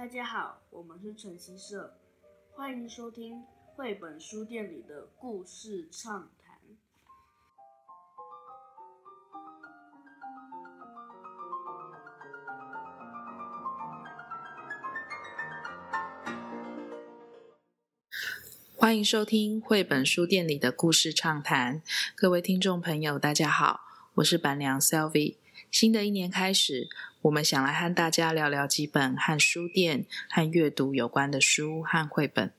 大家好，我們是晨曦社，歡迎收聽繪本書店裡的故事暢談。歡迎收聽繪本書店裡的故事暢談，各位聽眾朋友，大家好，我是板娘 Selvi。新的一年開始，我們想來和大家聊聊幾本和書店和閱讀有關的書和繪本。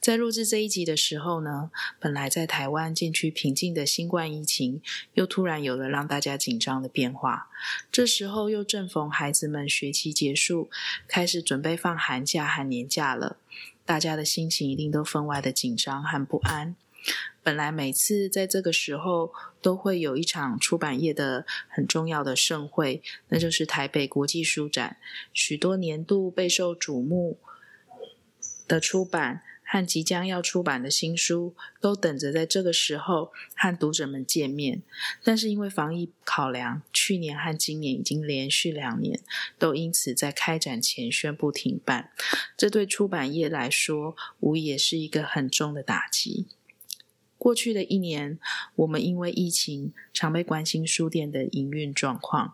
在錄製這一集的時候呢，本來在台灣漸趨平靜的新冠疫情，又突然有了讓大家緊張的變化。這時候又正逢孩子們學期結束，開始準備放寒假和年假了，大家的心情一定都分外的緊張和不安。本來每次在這個時候都會有一場出版業的很重要的盛會，那就是台北國際書展。許多年度備受矚目的出版和即將要出版的新書都等着在這個時候和讀者們見面。但是因為防疫考量，去年和今年已經連續兩年都因此在開展前宣布停辦。這對出版業來說，無疑也是一個很重的打擊。過去的一年，我們因為疫情常被關心書店的營運狀況。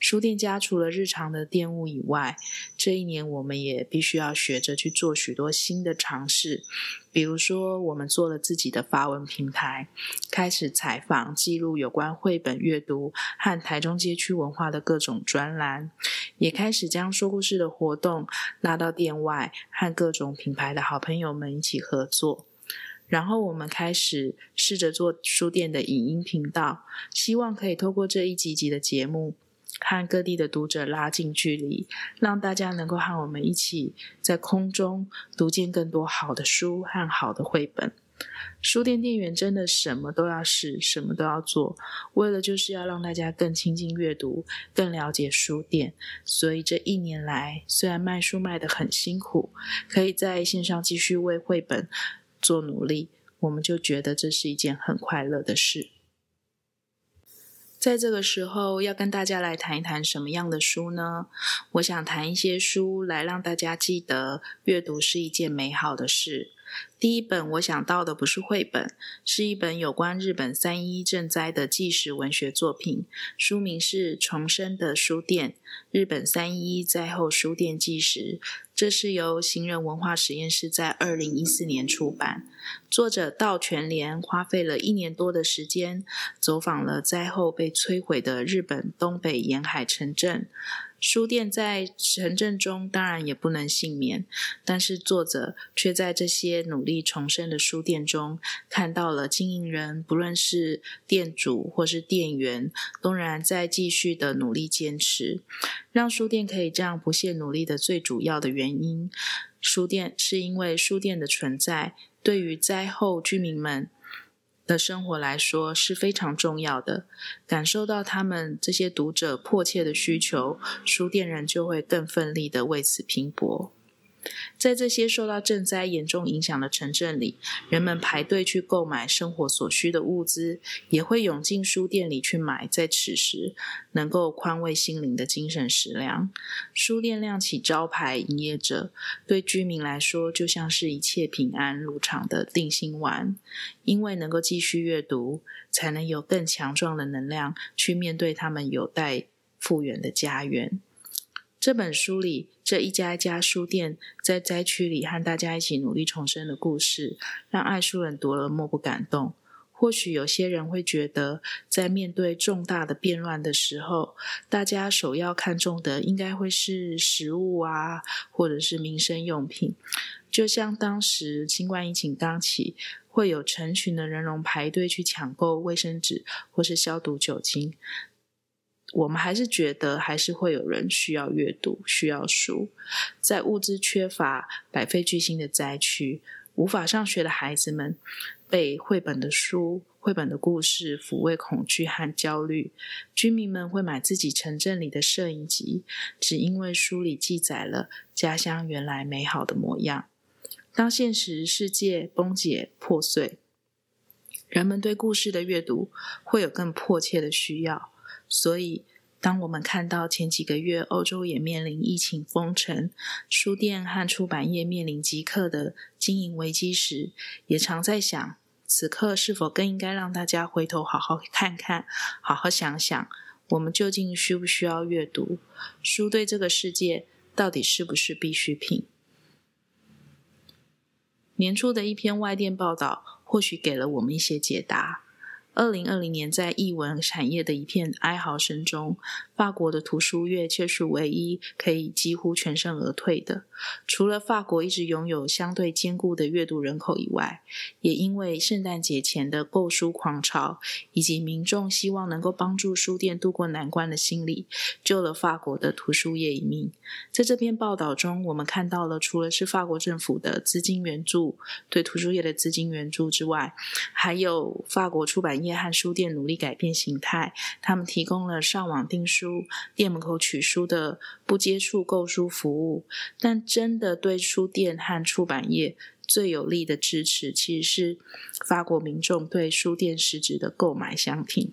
書店家除了日常的店務以外，這一年我們也必須要學着去做許多新的嘗試。比如說，我們做了自己的發文平台，開始採訪、記錄有關繪本閱讀和台中街區文化的各種專欄，也開始將說故事的活動拉到店外，和各種品牌的好朋友們一起合作。然後我們開始試着做書店的影音頻道，希望可以透過這一集一集的節目，和各地的讀者拉近距離，讓大家能夠和我們一起在空中讀見更多好的書和好的繪本。書店店員真的什麼都要試，什麼都要做，為了就是要讓大家更親近閱讀，更了解書店。所以這一年來，雖然賣書賣得很辛苦，可以在線上繼續為繪本。做努力，我們就覺得這是一件很快樂的事。在這個時候，要跟大家來談一談什麼樣的書呢？我想談一些書來讓大家記得，閱讀是一件美好的事。第一本我想到的不是繪本，是一本有關日本三一震災的紀實文學作品，書名是《重生的書店：日本三一一災後書店紀實》。這是由行人文化實驗室在二零一四年出版，作者道全連花費了一年多的時間，走訪了災後被摧毀的日本東北沿海城鎮。書店在城鎮中當然也不能倖免，但是作者卻在這些努力重生的書店中看到了經營人，不論是店主或是店員，仍然在繼續的努力堅持。讓書店可以這樣不懈努力的最主要的原因，書店是因為書店的存在，對於災後居民們，的生活來說是非常重要的，感受到他們這些讀者迫切的需求，書店人就會更奮力的為此拼搏。在這些受到震災嚴重影響的城鎮裡，人們排隊去購買生活所需的物資，也會湧進書店裡去買在此時能夠寬慰心靈的精神食糧。書店亮起招牌，營業者對居民來說就像是一切平安如常的定心丸。因為能夠繼續閱讀，才能有更強壯的能量去面對他們有待復原的家園。這本書裡，這一家一家書店在災區裡和大家一起努力重生的故事，讓愛書人讀了莫不感動。或許有些人會覺得，在面對重大的變亂的時候，大家首要看重的應該會是食物啊，或者是民生用品。就像當時新冠疫情剛起，會有成群的人龍排隊去搶購衛生紙或是消毒酒精。我們還是覺得，還是會有人需要閱讀，需要書。在物資缺乏、百廢俱興的災區，無法上學的孩子們，被繪本的書、繪本的故事撫慰恐懼和焦慮。居民們會買自己城鎮裡的攝影集，只因為書裡記載了家鄉原來美好的模樣。當現實世界崩解破碎，人們對故事的閱讀會有更迫切的需要。所以，當我們看到前幾個月歐洲也面臨疫情封城、書店和出版業面臨即刻的經營危機時，也常在想：此刻是否更應該讓大家回頭好好看看、好好想想，我們究竟需不需要閱讀，書對這個世界到底是不是必需品？年初的一篇外電報道，或許給了我們一些解答。二零二零年，在藝文產業的一片哀嚎聲中，法國的圖書業卻是唯一可以幾乎全身而退的。除了法國一直擁有相對堅固的閱讀人口以外，也因為聖誕節前的購書狂潮以及民眾希望能夠幫助書店渡過難關的心理，救了法國的圖書業一命。在這篇報道中，我們看到了除了是法國政府的資金援助，對圖書業的資金援助之外，還有法國出版業。和書店努力改變形態，他們提供了上網訂書、店門口取書的不接觸購書服務。但真的對書店和出版業最有力的支持，其實是法國民眾對書店實質的購買相挺。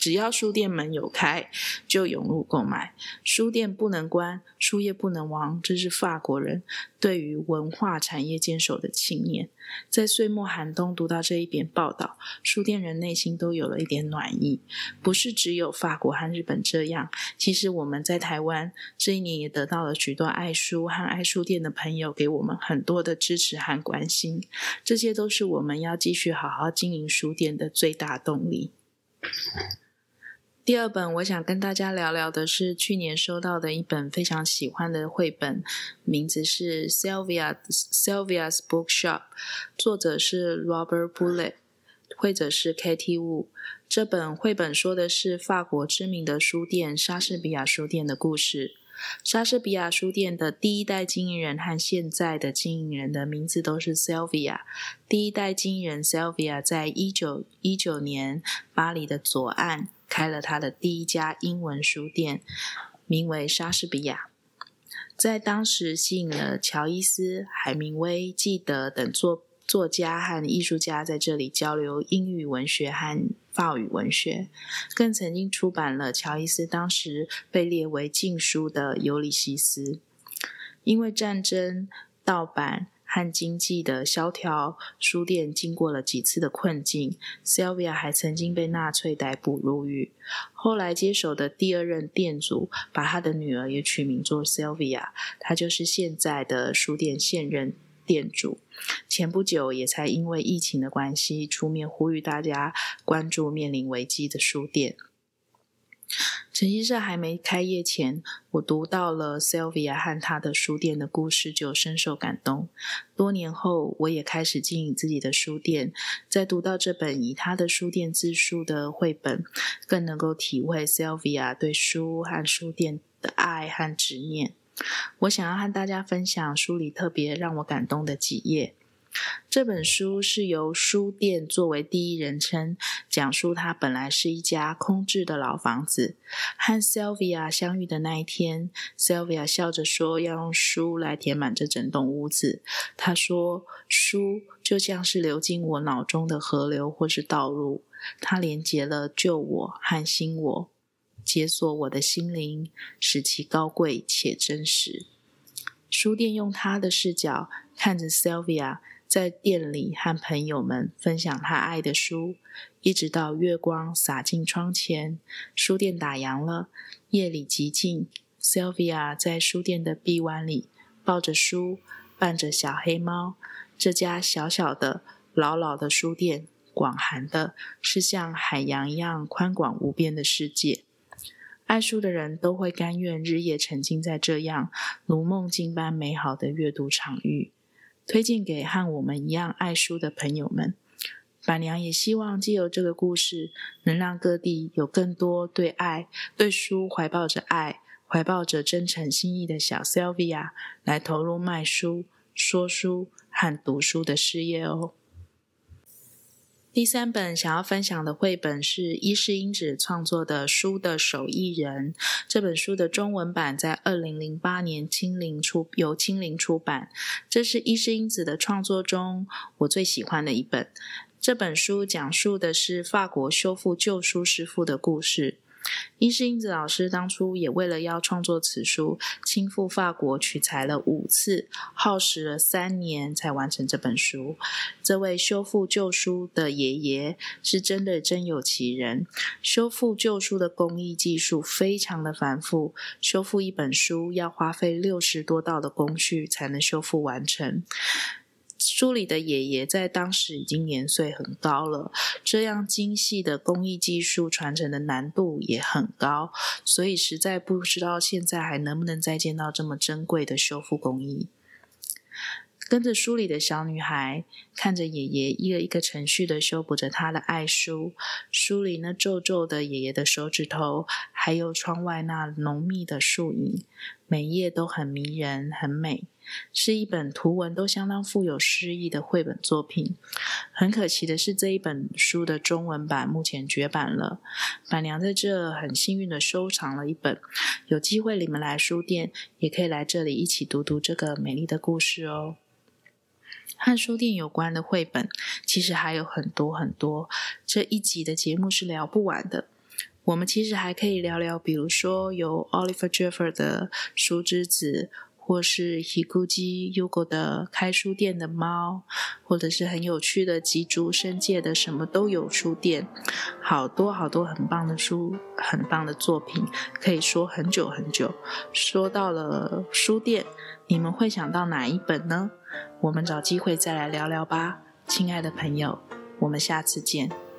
只要書店門有開，就湧入購買。書店不能關，書業不能亡，這是法國人對於文化產業堅守的信念。在歲末寒冬，讀到這一篇報道，書店人內心都有了一點暖意。不是只有法國和日本這樣，其實我們在台灣這一年也得到了許多愛書和愛書店的朋友給我們很多的支持和關心，這些都是我們要繼續好好經營書店的最大動力。第二本我想跟大家聊聊的是去年收到的一本非常喜歡的繪本，名字是《Sylvia Sylvia's Bookshop》，作者是 Robert b u l l i t 繪者是 K T Wu 這本繪本說的是法國知名的書店莎士比亞書店的故事。莎士比亞書店的第一代經營人和現在的經營人的名字都是 Sylvia。第一代經營人 Sylvia 在一九一九年巴黎的左岸，開了他的第一家英文書店，名為莎士比亞，在當時吸引了喬伊斯、海明威、紀德等作作家和藝術家在這裡交流英語文學和法語文學，更曾經出版了喬伊斯當時被列為禁書的《尤里西斯》。因為戰爭、盜版，和經濟的蕭條，書店經過了幾次的困境。Sylvia 還曾經被納粹逮捕入獄。後來接手的第二任店主，把她的女兒也取名做 Sylvia，她就是現在的書店現任店主。前不久也才因為疫情的關係，出面呼籲大家關注面臨危機的書店。晨曦社還沒開業前，我讀到了 Sylvia 和他的書店的故事，就深受感動。多年後，我也開始經營自己的書店，再讀到這本以他的書店自述的繪本，更能夠體會 Sylvia 對書和書店的愛和執念。我想要和大家分享書裡特別讓我感動的幾頁。這本書是由書店作為第一人稱講述。它本來是一家空置的老房子。和 Sylvia 相遇的那一天，Sylvia 笑着說要用書來填滿這整棟屋子。她說：“書就像是流進我腦中的河流或是道路，它連接了舊我和新我，解鎖我的心靈，使其高貴且真實。”書店用他的視角看着 Sylvia。在店裡和朋友們分享她愛的書，一直到月光灑進窗前，書店打烊了。夜裡極靜，Sylvia 在書店的臂彎裡抱着書，伴着小黑貓。這家小小的、老老的書店，廣寒的是像海洋一樣寬廣無邊的世界。愛書的人都會甘願日夜沉浸在這樣如夢境般美好的閱讀場域。推薦給和我們一樣愛書的朋友們。板娘也希望，借由這個故事，能讓各地有更多對愛、對書懷抱着愛、懷抱着真誠心意的小 Sylvia，來投入賣書、說書和讀書的事業哦。第三本想要分享的繪本是伊勢英子創作的《書的手藝人》。這本書的中文版在二零零八年青林出由青林出版。這是伊勢英子的創作中，我最喜歡的一本。這本書講述的是法國修復舊書師傅的故事。伊勢英子老師當初也為了要創作此書，親赴法國取材了五次，耗時了三年才完成這本書。這位修復舊書的爺爺是真的真有其人。修復舊書的工藝技術非常的繁複，修復一本書要花費六十多道的工序才能修復完成。書裡的爺爺在當時已經年歲很高了，這樣精細的工藝技術傳承的難度也很高，所以實在不知道現在還能不能再見到這麼珍貴的修復工藝。跟着書裡的小女孩，看着爺爺一個一個程序的修補着她的愛書，書裡那皺皺的爺爺的手指頭，還有窗外那濃密的樹影，每一頁都很迷人，很美。是一本圖文都相當富有詩意的繪本作品。很可惜的是，這一本書的中文版目前絕版了。板娘在這很幸運的收藏了一本，有機會你們來書店也可以來這裡一起讀讀這個美麗的故事哦。和書店有關的繪本其實還有很多很多，這一集的節目是聊不完的。我們其實還可以聊聊，比如說由 Oliver Jeffers 的《書之子》。或是 Higuchi Yuko 的開書店的貓，或者是很有趣的吉竹伸介的什麼都有書店，好多好多很棒的書、很棒的作品，可以說很久很久。說到了書店，你們會想到哪一本呢？我們找機會再來聊聊吧，親愛的朋友，我們下次見。